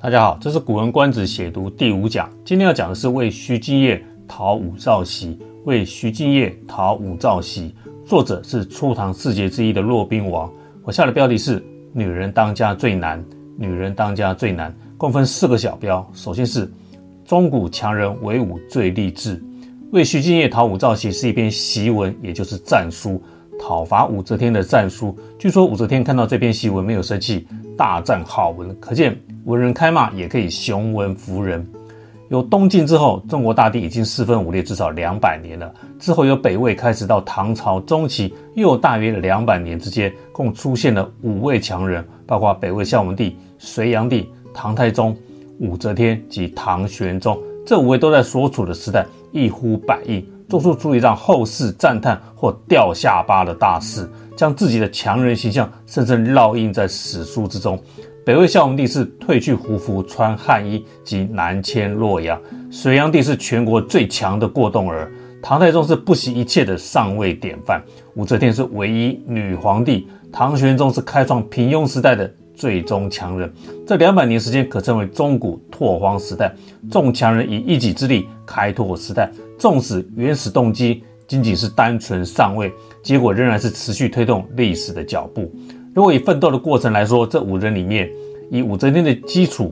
大家好，這是《古文觀止》寫讀第五講。今天要講的是《為徐敬業討武曌檄》。《為徐敬業討武曌檄》作者是初唐四傑之一的駱賓王。我下的標題是“女人當家最難”。女人當家最難，共分四個小標。首先是“中古強人唯武最勵志”。《為徐敬業討武曌檄》是一篇檄文，也就是戰書，討伐武則天的戰書。據說武則天看到這篇檄文沒有生氣。大讚好文，可見文人開罵也可以雄文服人。由東晉之後，中國大地已經四分五裂至少兩百年了。之後由北魏開始到唐朝中期，又大約兩百年之間，共出現了五位強人，包括北魏孝文帝、隋煬帝、唐太宗、武則天及唐玄宗。這五位都在所處的時代一呼百應，做出足以讓後世讚嘆或掉下巴的大事。將自己的強人形象深深烙印在史書之中。北魏孝文帝是褪去胡服穿漢衣及南遷洛陽；隋煬帝是全國最強的過動兒；唐太宗是不惜一切的上位典範；武則天是唯一女皇帝；唐玄宗是開創平庸時代的最終強人。這兩百年時間可稱為中古拓荒時代，眾強人以一己之力開拓時代，縱使原始動機。僅僅是單純上位，結果仍然是持續推動歷史的腳步。如果以奮鬥的過程來說，這五人裡面，以武則天的基礎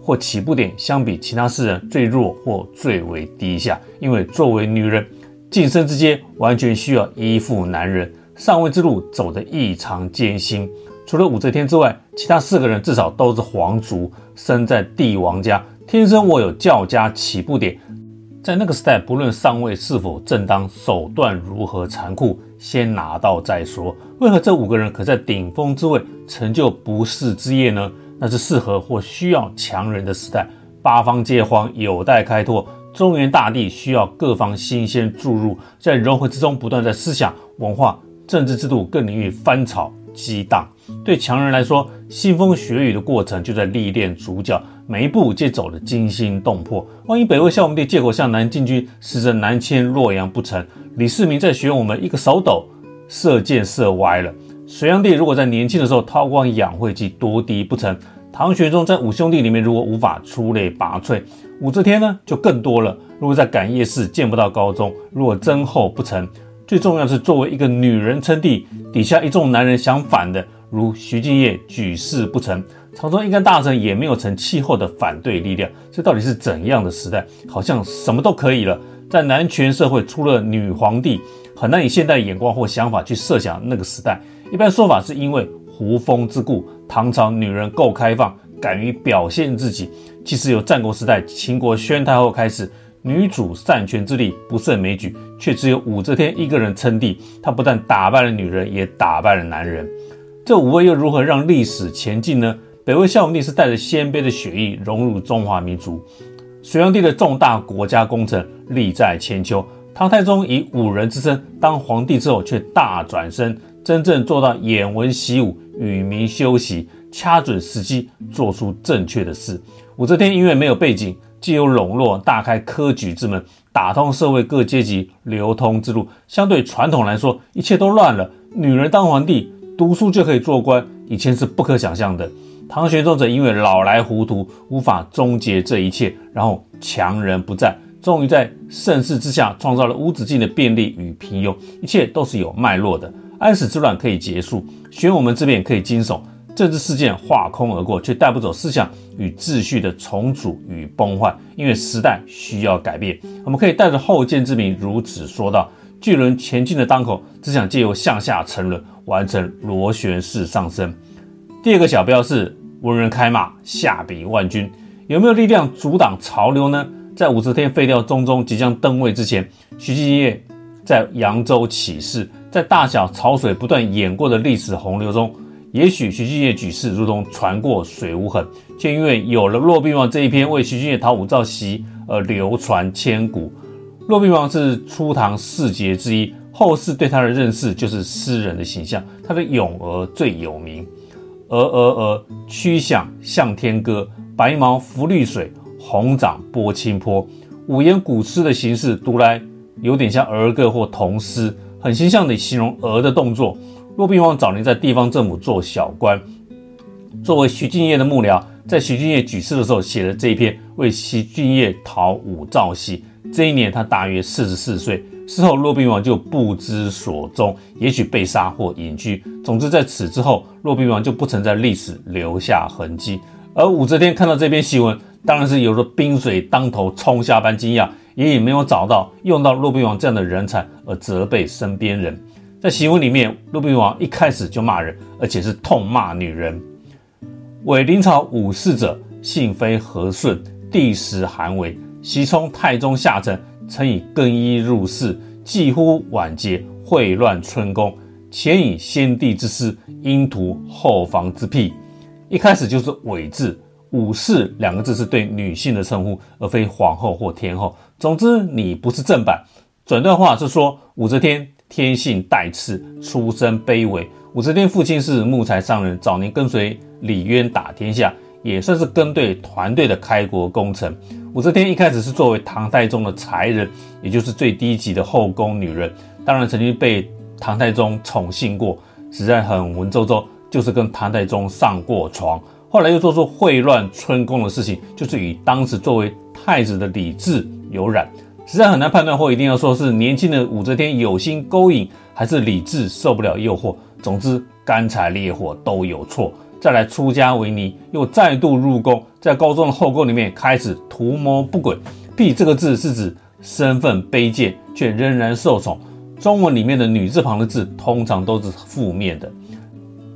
或起步點相比，其他四人最弱或最為低下。因為作為女人，晉升之階完全需要依附男人，上位之路走得異常艱辛。除了武則天之外，其他四個人至少都是皇族，生在帝王家，天生握有較佳起步點。在那個時代，不論上位是否正當，手段如何殘酷，先拿到再說。為何這五個人可在頂峰之位成就不世之業呢？那是適合或需要強人的時代，八方皆荒，有待開拓，中原大地需要各方新鮮注入，在融合之中不斷在思想、文化、政治制度各領域翻炒。激蕩，對強人來說，腥風血雨的過程就在歷練主角。每一步皆走得驚心動魄。萬一北魏孝文帝借口向南進軍，實則南遷洛陽不成；李世民在玄武門一個手抖，射箭射歪了；隋煬帝如果在年輕的時候韜光養晦，積多敵不成；唐玄宗在五兄弟裡面如果無法出類拔萃，武則天呢就更多了。如果在感業寺見不到高宗，如果爭後不成。最重要是作為一個女人稱帝，底下一眾男人想反的，如徐敬業舉事不成，朝中一干大臣也沒有成氣候的反對力量，這到底是怎樣的時代？好像什麼都可以了，在男權社會除了女皇帝，很難以現代眼光或想法去設想那個時代。一般說法是因為胡風之故，唐朝女人夠開放，敢於表現自己。其實由戰國時代，秦國宣太后開始。女主擅權之力不勝枚舉，卻只有武則天一個人稱帝。她不但打敗了女人，也打敗了男人。這五位又如何讓歷史前進呢？北魏孝文帝是帶着鮮卑的血液融入中華民族，隋煬帝的重大國家工程利在千秋。唐太宗以武人之身當皇帝之後，卻大轉身，真正做到眼文習武，與民休息，掐準時機做出正確的事。武則天因為沒有背景，既有籠絡，大開科舉之門，打通社會各階級流通之路，相對傳統來說，一切都亂了。女人當皇帝，讀書就可以做官，以前是不可想象的。唐玄宗則因為老來糊塗，無法終結這一切，然後強人不在，終於在盛世之下創造了無止境的便利與平庸。一切都是有脈絡的。安史之亂可以結束，玄武門之變可以驚悚。政治事件劃空而過，卻帶不走思想與秩序的重組與崩壞。因為時代需要改變，我們可以帶着後見之明如此說道：巨輪前進的當口，只想借由向下沉淪，完成螺旋式上升。第二個小標是“文人開罵，下筆萬鈞”，有沒有力量阻擋潮流呢？在武則天廢掉中宗，即將登位之前，徐敬業在揚州起事，在大小潮水不斷演過的歷史洪流中。也許徐敬業舉事如同船過水無痕，卻因為有了駱賓王這一篇為徐敬業討武曌檄而流傳千古。駱賓王是初唐四傑之一，後世對他的認識就是詩人的形象。他的詠鵝最有名，鵝鵝鵝，曲項向,向天歌，白毛浮綠水，紅掌撥清波。五言古詩的形式讀來有點像兒歌或童詩，很形象地形容鵝的動作。駱賓王早年在地方政府做小官，作為徐敬業的幕僚，在徐敬業舉事的時候寫的這一篇為徐敬業討武曌檄。這一年他大約四十四歲。事後駱賓王就不知所蹤，也許被殺或隱居。總之，在此之後，駱賓王就不曾在歷史留下痕迹。而武則天看到這篇檄文，當然是有着冰水當頭沖下般驚訝，也因沒有找到用到駱賓王這樣的人才而責備身邊人。在檄文裡面，駱賓王一開始就罵人，而且是痛罵女人。偽臨朝武氏者，性非和順，地實寒微，昔充太宗下陳，曾以更衣入侍，洎乎晚節，穢亂春宮。潛以先帝之私，陰圖後房之嬖。一開始就是「偽」字，“武氏”兩個字是對女性的稱呼，而非皇后或天後。總之，你不是正版。整段話是說，武則天。天性帶刺，出身卑微。武則天父親是木材商人，早年跟隨李淵打天下，也算是跟對團隊的開國功臣。武則天一開始是作為唐太宗的才人，也就是最低級的後宮女人，當然曾經被唐太宗寵幸過，實在很文縐縐，就是跟唐太宗上過床。後來又做出穢亂春宮的事情，就是與當時作為太子的李治有染。實在很難判斷，或一定要說是年輕的武則天有心勾引，還是李治受不了誘惑。總之，乾柴烈火都有錯。再來出家為尼，又再度入宮，在高宗的後宮裡面開始圖謀不軌。婢這個字是指身份卑賤卻仍然受寵。中文裡面的女字旁的字通常都是負面的。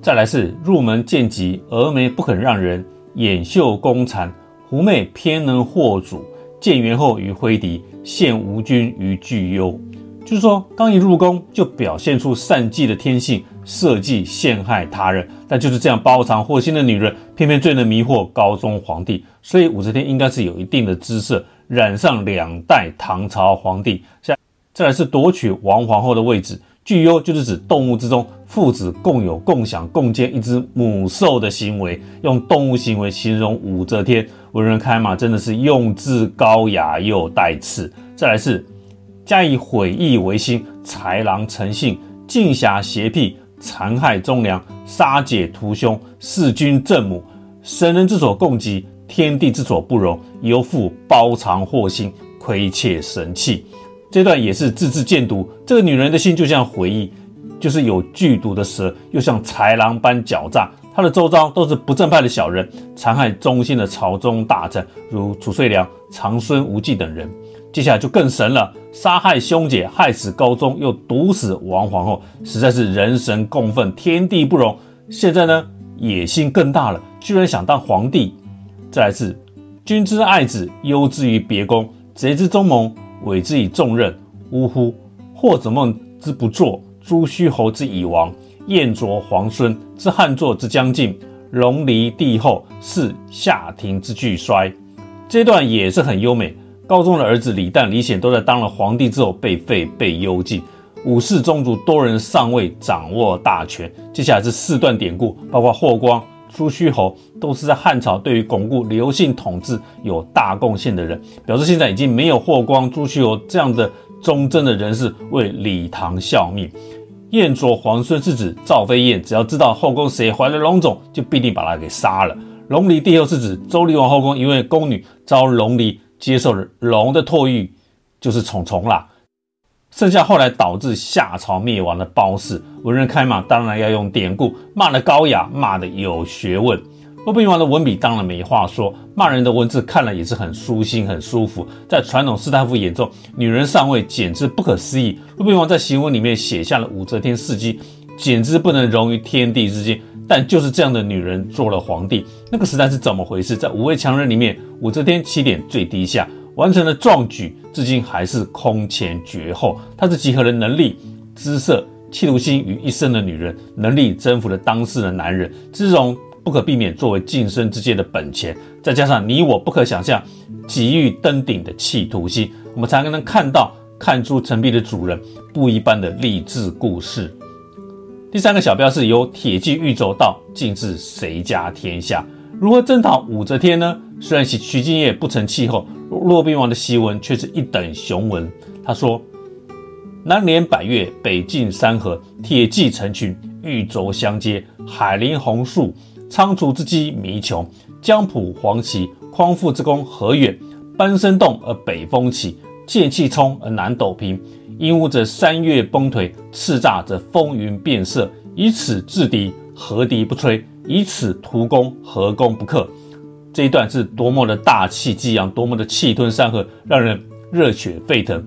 再來是入門見嫉，蛾眉不肯讓人掩袖工讒，狐媚偏能惑主。踐元後於翬翟，陷吾君於聚麀。就是說，剛一入宮就表現出善計的天性，設計陷，陷害他人。但就是這樣包藏禍心的女人，偏偏最能迷惑高宗皇帝。所以武則天應該是有一定的姿色，染上兩代唐朝皇帝，下再來是奪取王皇後的位置。聚麀，就是指動物之中父子共有、共享、共建一隻母獸的行為，用動物行為形容武則天，文人開罵真的是用字高雅又帶刺。再來是加以悔意為心，豺狼成性，盡俠邪僻，殘害忠良，殺姐屠兄，弒君正母，神人之所共嫉，天地之所不容。尤復包藏禍心，窺竊神器。這段也是字字見毒，這個女人的心就像虺蜴，就是有劇毒的蛇，又像豺狼般狡詐。她的周遭都是不正派的小人，殘害忠心的朝中大臣，如褚遂良、長孫無忌等人。接下來就更神了，殺害兄姐，害死高宗，又毒死王皇後，實在是人神共憤，天地不容。現在呢，野心更大了，居然想當皇帝。再來是君之愛子，幽之於別宮；賊之宗盟。委之以重任，嗚呼！霍子孟之不作，朱虛侯之已亡，燕啄皇孫之漢祚之將盡，龍離帝後是夏庭之巨衰。這段也是很優美。高宗的兒子李旦、李顯都在當了皇帝之後被廢、被幽禁，武氏宗族多人尚未掌握大權。接下來是四段典故，包括霍光。朱虛侯都是在漢朝對於鞏固劉姓統治有大貢獻的人，表示現在已經沒有霍光、朱虛侯這樣的忠貞的人士為李唐效命。燕啄皇孫是指趙飛燕，只要知道後宮誰懷了龍種，就必定把他給殺了。龍漦帝後是指周厲王後宮一位宮女遭龍漦接受了龍的唾育，就是蟲蟲，蟲啦。剩下後來導致夏朝滅亡的褒姒，文人開罵當然要用典故，罵得高雅，罵得有學問。駱賓王的文筆當然沒話說，罵人的文字看了也是很舒心、很舒服。在傳統士大夫眼中，女人上位簡直不可思議。駱賓王在檄文裡面寫下了武則天事跡，簡直不能容於天地之間。但就是這樣的女人做了皇帝，那個時代是怎麼回事？在五位強人裡面，武則天起點最低下。完成了壯舉，至今還是空前絕後。它是集合了能力、姿色、企圖心於一身的女人，能力征服了當世的男人，姿容不可避免作為晉升之階的本錢，再加上你我不可想象，急於登頂的企圖心，我們才能看到看朱成碧的主人不一般的勵志故事。第三個小標是由鐵騎玉軸到竟是誰家天下。如何征討武則天呢？雖然徐徐敬業不成氣候，駱賓王的檄文卻是一等雄文。他說：“南連百越，北盡三河，鐵騎成群，玉軸相接，海林紅樹，倉卒之機彌窮；江浦黃旗，匡復之功何遠？班聲動而北風起，劍氣沖而南斗平。陰霧則山嶽崩頹，叱咤則風雲變色。以此制敵，何敵不摧？”以此圖功，何功不克？這一段是多麼的大氣激揚，多麼的氣吞山河，讓人熱血沸騰。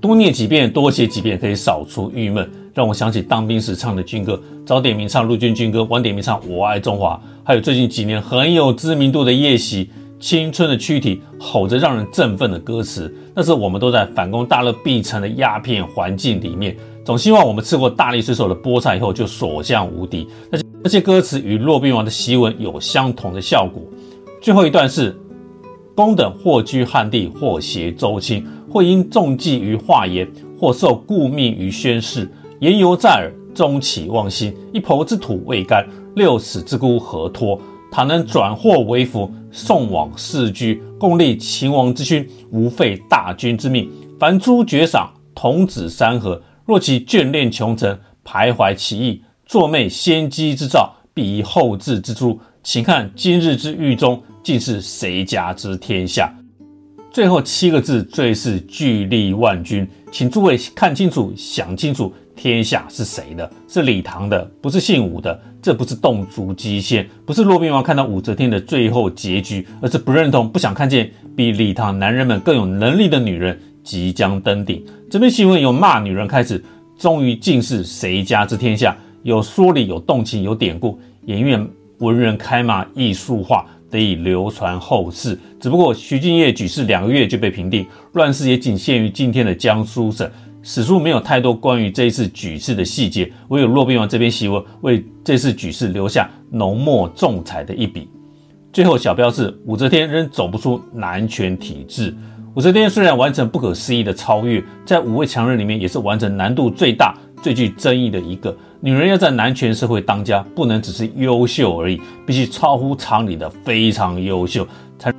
多念幾遍，多寫幾遍，可以掃除鬱悶。讓我想起當兵時唱的軍歌，早點名唱《陸軍軍歌》，晚點名唱《我愛中華》。還有最近幾年很有知名度的《夜襲》，青春的軀體吼着讓人振奮的歌詞。那是我們都在反攻大陸必成的鴉片環境裡面，總希望我們吃過大力水手的菠菜以後就所向無敵。那。這些歌詞與駱賓王的檄文有相同的效果。最後一段是：公等或居漢地，或攜周親，或因重寄於化言，或受顧命於宣室。言猶在耳，終其忘心。一抔之土未乾，六尺之孤何托？倘能轉禍為福，送往世居，共立秦王之勳，無廢大君之命。凡諸爵賞，同指山河。若其眷戀窮城，徘徊歧義。坐昧先機之兆，必貽後至之誅。請看今日之域中，竟是誰家之天下？最後七個字最是巨力萬鈞，請諸位看清楚、想清楚，天下是誰的？是李唐的，不是姓武的。這不是洞燭機先，不是駱賓王看到武則天的最後結局，而是不認同、不想看見比李唐男人們更有能力的女人即將登頂。這篇檄文由罵女人開始，終於竟是誰家之天下？有說理，有動情，有典故，演繹文人開罵藝術化得以流傳後世。只不過徐敬業舉事兩個月就被平定，亂世也僅限於今天的江蘇省。史書沒有太多關於這一次舉事的細節，唯有駱賓王這篇檄文為這次舉事留下濃墨重彩的一筆。最後小標示，武則天仍走不出男權體制。武則天雖然完成不可思議的超越，在五位強人裡面也是完成難度最大，最具爭議的一個，女人要在男權社會當家，不能只是優秀而已，必須超乎常理的非常優秀，才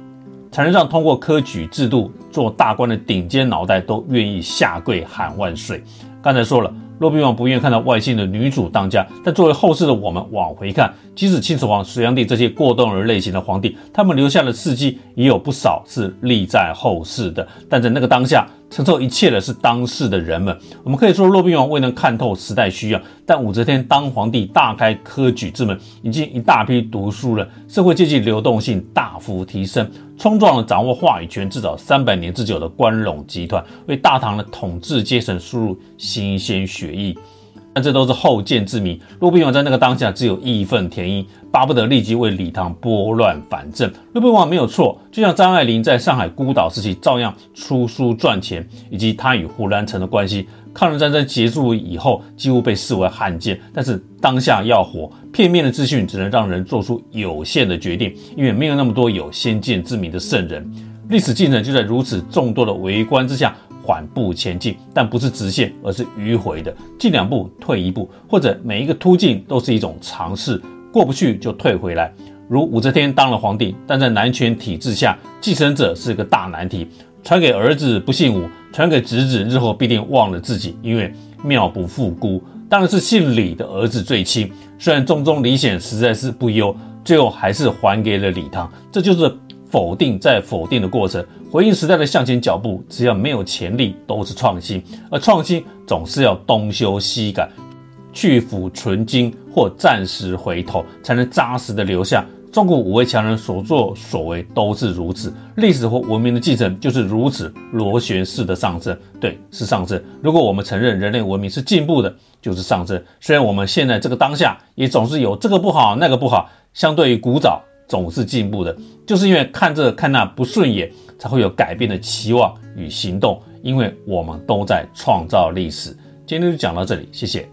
才能讓通過科舉制度做大官的頂尖腦袋都願意下跪喊萬歲。剛才說了。駱賓王不願意看到外姓的女主當家，但作為後世的我們往回看，即使秦始皇、隋煬帝這些過動兒類型的皇帝，他們留下的事跡也有不少是利在後世的。但在那個當下，承受一切的是當世的人們。我們可以說，駱賓王未能看透時代需要，但武則天當皇帝，大開科舉之門，引進一大批讀書人，社會階級流動性大幅提升，衝撞了掌握話語權、至少三百年之久的關隴集團，為大唐的統治階層輸入新鮮血液。但這都是後見之明。駱賓王在那個當下，只有義憤填膺，巴不得立即為李唐撥亂反正。駱賓王沒有錯，就像張愛玲在上海孤島時期照樣出書賺錢，以及她與胡蘭成的關係。抗日戰爭結束以後，幾乎被視為漢奸，但是當下要火。片面的資訊只能讓人做出有限的決定，因為沒有那麼多有先見之明的聖人。歷史進程就在如此眾多的圍觀之下，緩步前進，但不是直線，而是迂回的，進兩步退一步，或者每一個突進都是一種嘗試，過不去就退回來。如武則天當了皇帝，但在男權體制下，繼承者是個大難題，傳給兒子不姓武，傳給侄子日後必定忘了自己，因為廟不祔姑。當然是姓李的兒子最親，雖然中宗李顯實在是不優，最後還是還給了李唐，這就是否定再否定的過程，回應時代的向前腳步，只要沒有前例都是創新，而創新總是要東修西改，去腐存精或暫時回頭，才能扎實的留下。中國五位強人所作所為都是如此，歷史或文明的進程就是如此，螺旋式的上升。對，是上升。如果我們承認人類文明是進步的，就是上升。雖然我們現在這個當下也總是有這個不好那個不好，相對於古早總是進步的，就是因為看這看那不順眼，才會有改變的期望與行動。因為我們都在創造歷史。今天就講到這裡，謝謝。